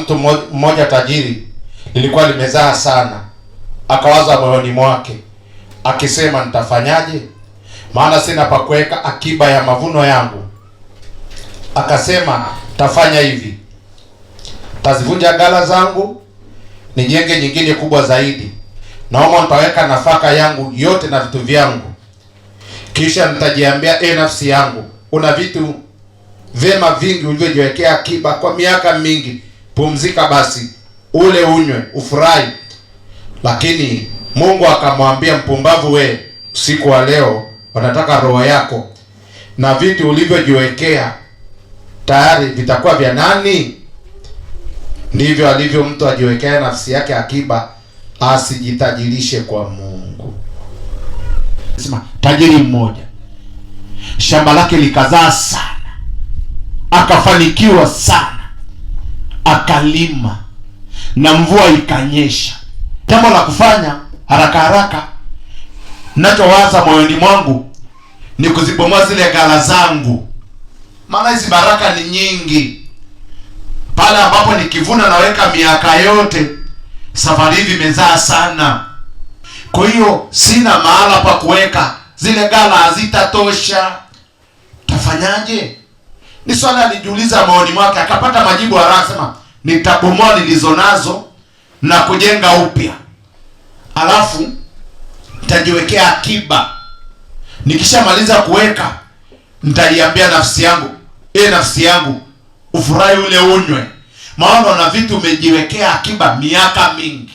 mtu mmoja tajiri lilikuwa limezaa sana. Akawaza moyoni mwake akisema, nitafanyaje? Maana sina pa kuweka akiba ya mavuno yangu. Akasema, tafanya hivi, tazivunja gala zangu nijenge nyingine kubwa zaidi, na humo nitaweka nafaka yangu yote na vitu vyangu. Kisha nitajiambia, e nafsi yangu, una vitu vyema vingi ulivyojiwekea akiba kwa miaka mingi pumzika basi, ule, unywe, ufurahi. Lakini Mungu akamwambia, mpumbavu we, usiku wa leo wanataka roho yako na vitu ulivyojiwekea tayari vitakuwa vya nani? Ndivyo alivyo mtu ajiwekea nafsi yake akiba, asijitajirishe kwa Mungu. Sema tajiri mmoja shamba lake likazaa sana, akafanikiwa sana akalima na mvua ikanyesha. Jambo la kufanya haraka haraka, nachowaza moyoni mwangu ni kuzibomoa zile gala zangu, maana hizi baraka ni nyingi. Pale ambapo nikivuna naweka miaka yote, safari hivi imezaa sana, kwa hiyo sina mahala pa kuweka zile gala hazitatosha. Tafanyaje? Ni swala alijiuliza moyoni mwake, akapata majibu haraka, sema nitabomoa nilizo nazo na kujenga upya, alafu nitajiwekea akiba. Nikishamaliza kuweka nitaiambia nafsi yangu, e, nafsi yangu ufurahi ule unywe, maana na vitu umejiwekea akiba miaka mingi.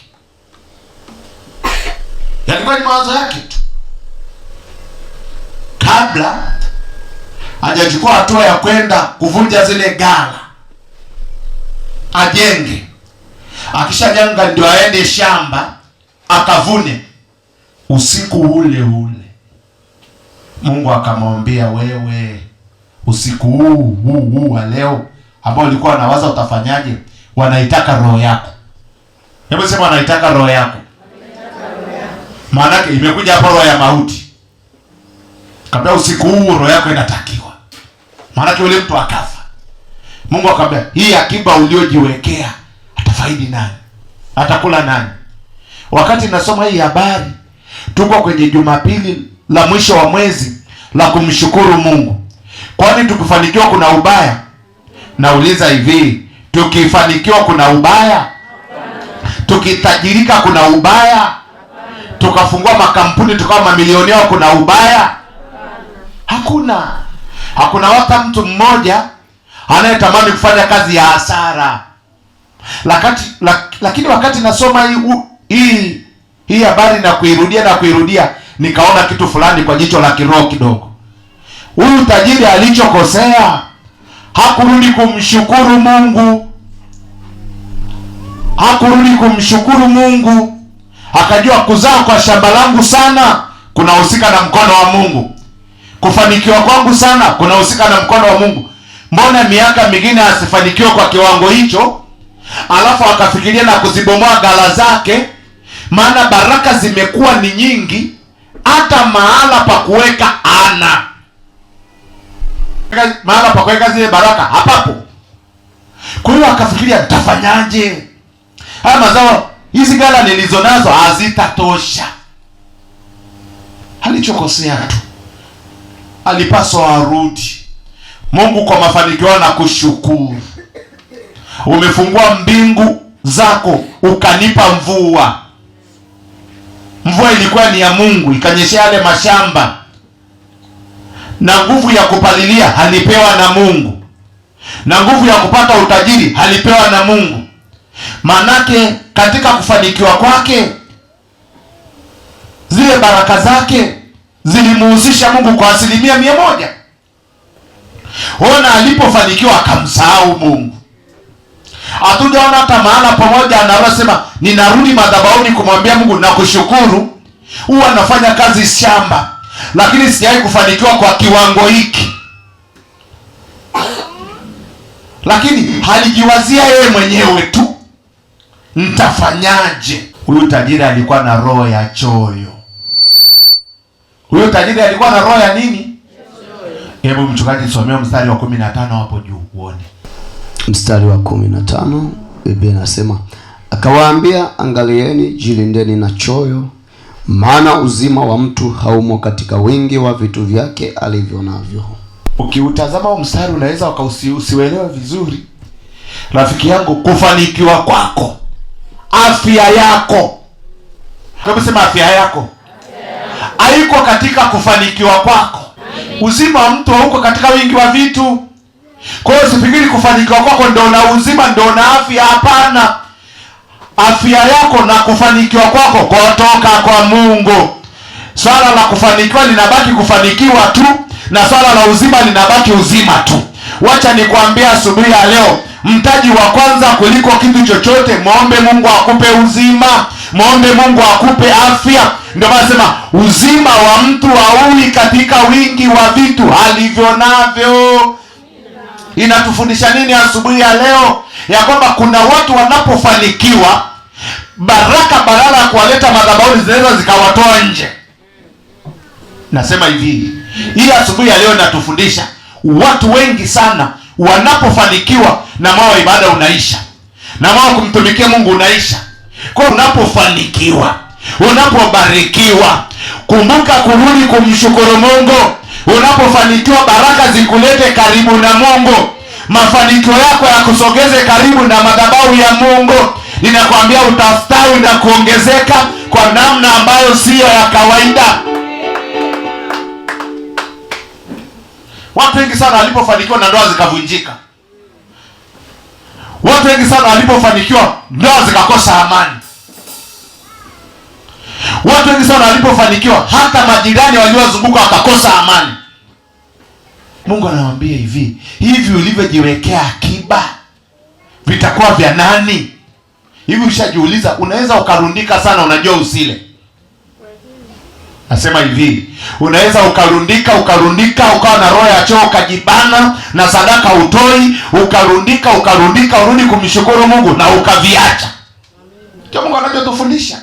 Yalikuwa ni mawazo yake tu kabla hajachukua hatua ya kwenda kuvunja zile gala ajenge, akishajenga ndio aende shamba akavune. Usiku ule ule Mungu akamwambia, wewe usiku huu huu huu wa leo ambao ulikuwa unawaza utafanyaje, wanaitaka roho yako. Hebu sema, wanaitaka roho yako. Maanake imekuja hapo roho ya mauti, kabla usiku huu roho yako inatakiwa, maanake yule mtu akafa Mungu akamwambia hii akiba uliojiwekea atafaidi nani? Atakula nani? Wakati nasoma hii habari, tuko kwenye Jumapili la mwisho wa mwezi la kumshukuru Mungu. Kwani tukifanikiwa kuna ubaya? Nauliza hivi, tukifanikiwa kuna ubaya? Tukitajirika kuna ubaya? Tukafungua makampuni tukawa mamilionea kuna ubaya? Hakuna. Hakuna hata mtu mmoja anayetamani kufanya kazi ya hasara. Lakati, lak, lakini wakati nasoma hii hii habari na kuirudia na kuirudia, nikaona kitu fulani kwa jicho la kiroho kidogo. Huyu tajiri alichokosea hakurudi kumshukuru Mungu, hakurudi kumshukuru Mungu. Akajua kuzaa kwa shamba langu sana kunahusika na mkono wa Mungu, kufanikiwa kwangu sana kunahusika na mkono wa Mungu. Mbona miaka mingine asifanikiwe kwa kiwango hicho, alafu akafikiria na kuzibomoa gala zake? Maana baraka zimekuwa ni nyingi, hata mahala pa kuweka ana mahala pa kuweka zile baraka hapapo. Kwa hiyo akafikiria tafanyaje, haya mazao hizi gala nilizo nazo hazitatosha. Alichokosea tu, alipaswa arudi Mungu kwa mafanikio na kushukuru. Umefungua mbingu zako ukanipa mvua. Mvua ilikuwa ni ya Mungu, ikanyeshea yale mashamba, na nguvu ya kupalilia alipewa na Mungu, na nguvu ya kupata utajiri alipewa na Mungu. Manake katika kufanikiwa kwake, zile baraka zake zilimuhusisha Mungu kwa asilimia mia moja. Ona alipofanikiwa akamsahau Mungu. Hatujaona hata mahala pamoja anasema ninarudi madhabahuni kumwambia Mungu nakushukuru, huwa anafanya kazi shamba, lakini sijawahi kufanikiwa kwa kiwango hiki. Lakini alijiwazia yeye mwenyewe tu, ntafanyaje Huyu tajiri alikuwa na roho ya choyo. Huyu tajiri alikuwa na roho ya nini? Hebu mchungaji somea mstari wa kumi na tano hapo juu uone. Mstari wa kumi na tano Biblia inasema akawaambia, angalieni, jilindeni na choyo, maana uzima wa mtu haumo katika wingi wa vitu vyake alivyo navyo. Ukiutazama okay, mstari unaweza ukausiuelewa vizuri rafiki yangu, kufanikiwa kwako, afya yako, kama sema afya yako haiko katika kufanikiwa kwako Uzima wa mtu hauko katika wingi wa vitu. Kwa hiyo usifikiri kufanikiwa kwako ndio na uzima ndio na afya. Hapana, afya yako na kufanikiwa kwako kutoka kwa Mungu. Swala la kufanikiwa linabaki kufanikiwa tu na swala la uzima linabaki uzima tu. Wacha nikwambie asubuhi ya leo, mtaji wa kwanza kuliko kitu chochote, mwombe Mungu akupe uzima. Mwombe Mungu akupe afya. Ndio maana uzima wa mtu haui katika wingi wa vitu alivyo navyo. Inatufundisha nini asubuhi ya leo? Ya kwamba kuna watu wanapofanikiwa, baraka badala ya kuwaleta madhabauni zinaweza zikawatoa nje. Nasema hivi, hii asubuhi ya leo inatufundisha watu wengi sana wanapofanikiwa, na moyo ibada unaisha, na moyo kumtumikia Mungu unaisha kwa unapofanikiwa, unapobarikiwa, kumbuka kurudi kumshukuru Mungu. Unapofanikiwa, baraka zikulete karibu na Mungu, mafanikio yako yakusogeze karibu na madhabau ya Mungu. Ninakwambia utastawi na kuongezeka kwa namna ambayo siyo ya kawaida. Watu wengi sana walipofanikiwa na ndoa zikavunjika Watu wengi sana walipofanikiwa ndoa zikakosa amani. Watu wengi sana walipofanikiwa hata majirani waliozunguka wakakosa amani. Mungu anawaambia hivi, hivi ulivyojiwekea akiba vitakuwa vya nani? Hivi ushajiuliza, unaweza ukarundika sana, unajua usile Nasema hivi, unaweza ukarundika ukarundika, ukawa na roho ya choo, ukajibana na sadaka utoi, ukarundika ukarundika, urudi kumshukuru Mungu na ukaviacha. Ndio Mungu anachotufundisha.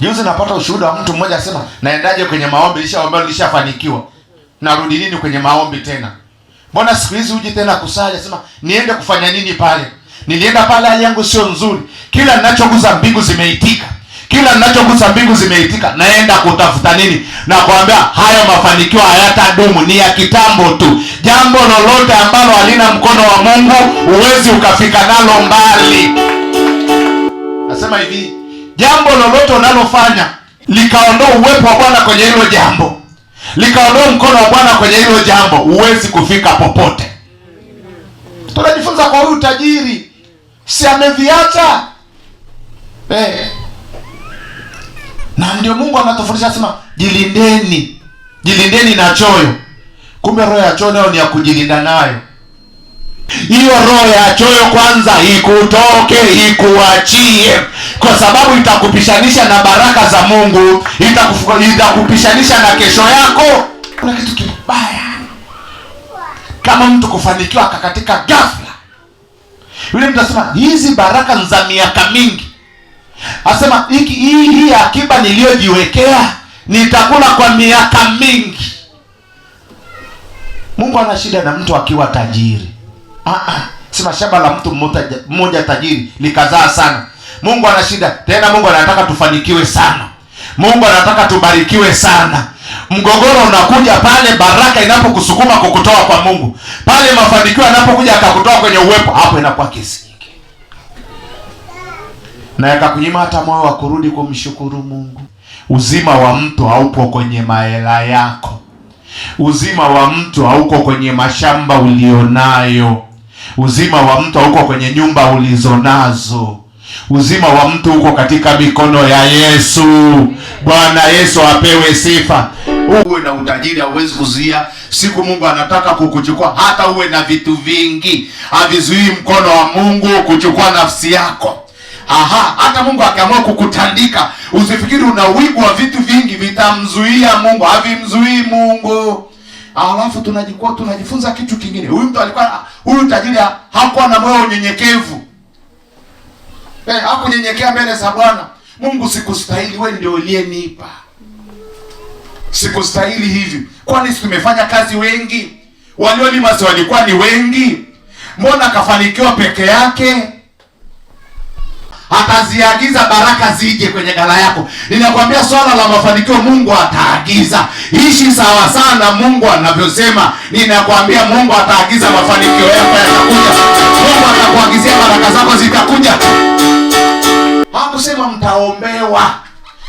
Juzi napata ushuhuda wa mtu mmoja asema, naendaje kwenye maombi, nishaomba nishafanikiwa, narudi nini kwenye maombi tena? Mbona siku hizi uji tena kusali? Asema niende kufanya nini pale? Nilienda pale, hali yangu sio nzuri, kila ninachoguza mbingu zimeitika kila ninachogusa mbingu zimeitika. Naenda kutafuta nini? Na kuambia hayo mafanikio hayatadumu, ni ya kitambo tu. Jambo lolote ambalo halina mkono wa Mungu huwezi ukafika nalo mbali. Nasema hivi, jambo lolote unalofanya likaondoa uwepo wa Bwana kwenye hilo jambo, likaondoa mkono wa Bwana kwenye hilo jambo, huwezi kufika popote. Tunajifunza kwa huyu tajiri, si ameviacha eh na ndio Mungu anatufundisha sema, jilindeni, jilindeni na choyo. Kumbe roho ya choyo nayo ni ya kujilinda nayo. Hiyo roho ya choyo kwanza ikutoke, ikuachie, kwa sababu itakupishanisha na baraka za Mungu, itakupishanisha na kesho yako. Kuna kitu kibaya kama mtu kufanikiwa akakatika ghafla, yule mtu asema hizi baraka za miaka mingi Asema hiki hii hii akiba niliyojiwekea nitakula kwa miaka mingi. Mungu ana shida na mtu akiwa tajiri. Ah ah, sema shamba la mtu mmoja tajiri likazaa sana. Mungu ana shida tena. Mungu anataka tufanikiwe sana. Mungu anataka tubarikiwe sana. Mgogoro unakuja pale baraka inapokusukuma kukutoa kwa Mungu, pale mafanikio yanapokuja akakutoa kwenye uwepo, hapo inakuwa kesi na yakakunyima hata moyo wa kurudi kumshukuru Mungu. Uzima wa mtu haupo kwenye mahela yako. Uzima wa mtu hauko kwenye mashamba ulionayo. Uzima wa mtu hauko kwenye nyumba ulizonazo. Uzima wa mtu uko katika mikono ya Yesu. Bwana Yesu apewe sifa. Uwe na utajiri hauwezi kuzuia siku Mungu anataka kukuchukua. Hata uwe na vitu vingi, havizuii mkono wa Mungu kuchukua nafsi yako. Aha, hata Mungu akiamua kukutandika, usifikiri una wigo wa vitu vingi vitamzuia Mungu, havimzuii Mungu. Alafu tunajikuwa tunajifunza kitu kingine. Huyu mtu alikuwa, huyu tajiri hakuwa na moyo unyenyekevu, eh, hakunyenyekea mbele za Bwana Mungu. Sikustahili, we ndio uliyenipa, sikustahili hivi. Kwani tumefanya kazi wengi? Waliolima si walikuwa ni wengi? Mbona akafanikiwa peke yake? ataziagiza baraka zije kwenye gala yako. Ninakwambia swala la mafanikio Mungu ataagiza. Ishi sawa sana Mungu anavyosema. Ninakwambia Mungu ataagiza mafanikio yako yatakuja. Mungu atakuagizia baraka zako zitakuja. Hakusema mtaombewa,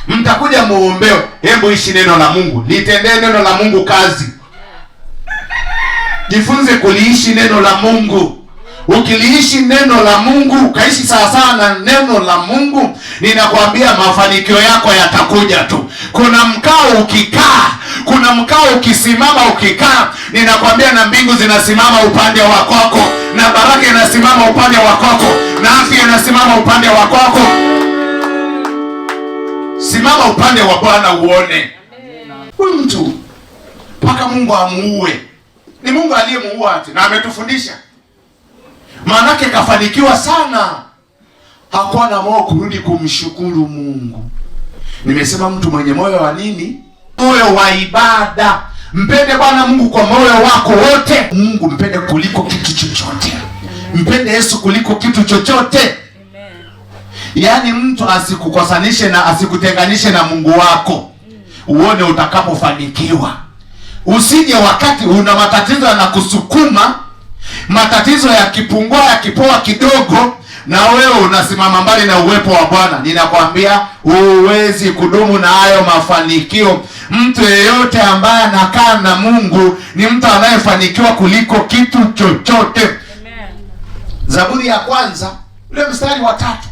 mtakuja muombewe. Hebu ishi neno la Mungu, litendee neno la Mungu kazi, jifunze kuliishi neno la Mungu ukiliishi neno la Mungu ukaishi sawasawa na neno la Mungu, ninakwambia mafanikio yako yatakuja tu. Kuna mkao ukikaa, kuna mkao ukisimama, ukikaa, ninakwambia na mbingu zinasimama upande wa kwako, na baraka inasimama upande wa kwako, na afya inasimama upande wa kwako. Simama upande wa Bwana uone huyu mtu mpaka Mungu amuue. Ni Mungu aliyemuua ati na ametufundisha maanake kafanikiwa sana, hakuwa na moyo kurudi kumshukuru Mungu. Nimesema mtu mwenye moyo wa nini? Moyo wa ibada. Mpende Bwana Mungu kwa moyo wako wote. Mungu mpende kuliko kitu chochote, mpende Yesu kuliko kitu chochote. Yaani mtu asikukosanishe na asikutenganishe na Mungu wako, uone utakapofanikiwa. Usije wakati una matatizo yanakusukuma matatizo yakipungua, yakipoa kidogo, na wewe unasimama mbali na uwepo wa Bwana, ninakwambia huwezi kudumu na hayo mafanikio. Mtu yeyote ambaye anakaa na Mungu ni mtu anayefanikiwa kuliko kitu chochote. Zaburi ya kwanza ule mstari wa tatu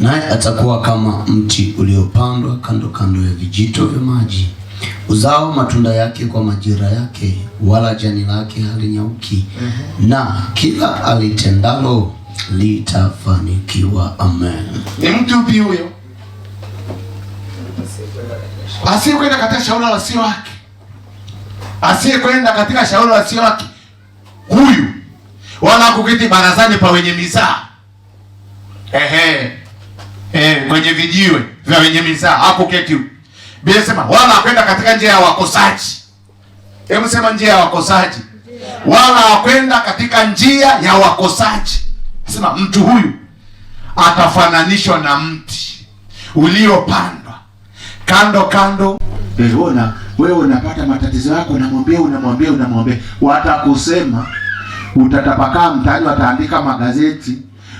naye atakuwa kama mti uliopandwa kando kando ya vijito vya maji uzao matunda yake kwa majira yake, wala jani lake halinyauki, mhm. na kila alitendalo litafanikiwa. Amen. Ni mtu upi huyo asiyekwenda katika shauri la sio wake, asiyekwenda katika shauri la sio wake huyu, wala kuketi barazani pa wenye mizaa, ehe, ehe, kwenye vijiwe vya wenye mizaa hakuketi Biblia inasema wala hakwenda katika njia ya wakosaji. Hebu sema njia ya wakosaji. Wala hakwenda katika njia ya wakosaji. Sema mtu huyu atafananishwa na mti uliopandwa kando kando. Unaona, wewe unapata matatizo yako, unamwambia unamwambia unamwambia, watakusema utatapakaa mtaani, wataandika magazeti.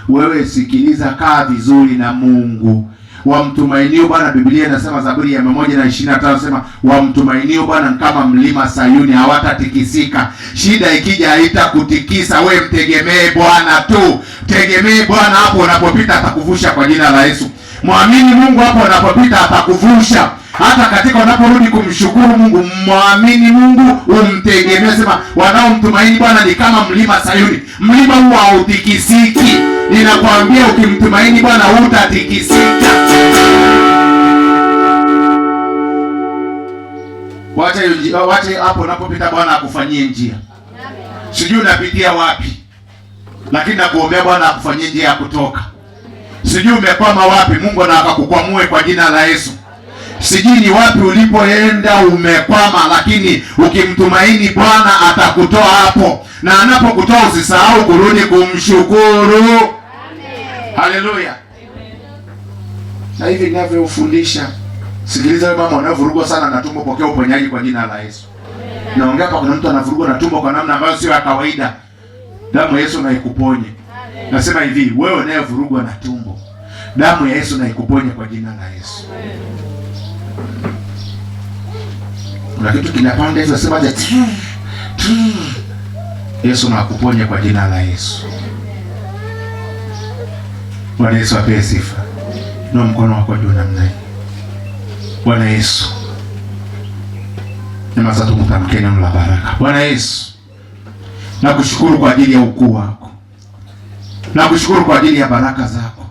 Wewe sikiliza, kaa vizuri na Mungu wamtumainio Bwana. Biblia inasema Zaburi ya mia moja na ishirini na tano sema wamtumainio Bwana kama mlima Sayuni hawatatikisika. Shida ikija haitakutikisa we, mtegemee Bwana tu, mtegemee Bwana. Hapo unapopita atakuvusha kwa jina la Yesu. Mwamini Mungu hapo unapopita atakuvusha hata katika unaporudi kumshukuru Mungu, mwamini Mungu, umtegemee. Sema wanaomtumaini Bwana ni kama mlima Sayuni, mlima huu hautikisiki. Ninakwambia ukimtumaini Bwana hutatikisika. Wacha hiyo, wacha hapo unapopita Bwana akufanyie njia. Sijui unapitia wapi, lakini nakuombea Bwana akufanyie njia ya kutoka. Sijui umekwama wapi, Mungu na kukwamue kwa jina la Yesu. Sijui ni wapi ulipoenda umekwama, lakini ukimtumaini Bwana atakutoa hapo, na anapokutoa usisahau kurudi kumshukuru. Haleluya! Na hivi ninavyofundisha, sikiliza mama unavurugwa sana na tumbo, pokea uponyaji kwa jina la Yesu. Naongea hapa, kuna mtu anavurugwa na tumbo kwa namna ambayo sio ya kawaida. Damu ya Yesu naikuponye. Nasema hivi, wewe unayevurugwa na tumbo, damu ya Yesu naikuponye kwa jina la Yesu. Amen. Kuna kitu kinapanda hizo sema za Yesu na kwa jina la Yesu. Bwana Yesu apee sifa. Na mkono wako juu namna hii. Bwana Yesu. Ni mazatu mtamke neno la baraka. Bwana Yesu. Nakushukuru kwa ajili ya ukuu wako. Nakushukuru kwa ajili ya baraka zako.